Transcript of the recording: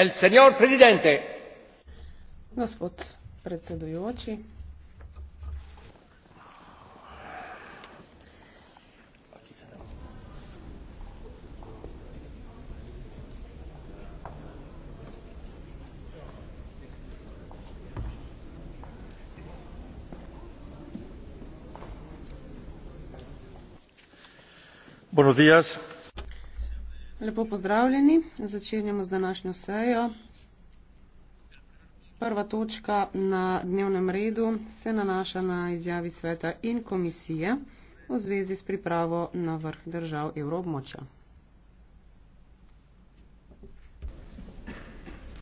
gospod predsedujoči gospod predsednik vlade gospe in gospodje poslanke in poslanci! Lepo pozdravljeni. Začenjamo z današnjo sejo. Prva točka na dnevnem redu se nanaša na izjavi sveta in komisije v zvezi s pripravo na vrh držav evrobmoča.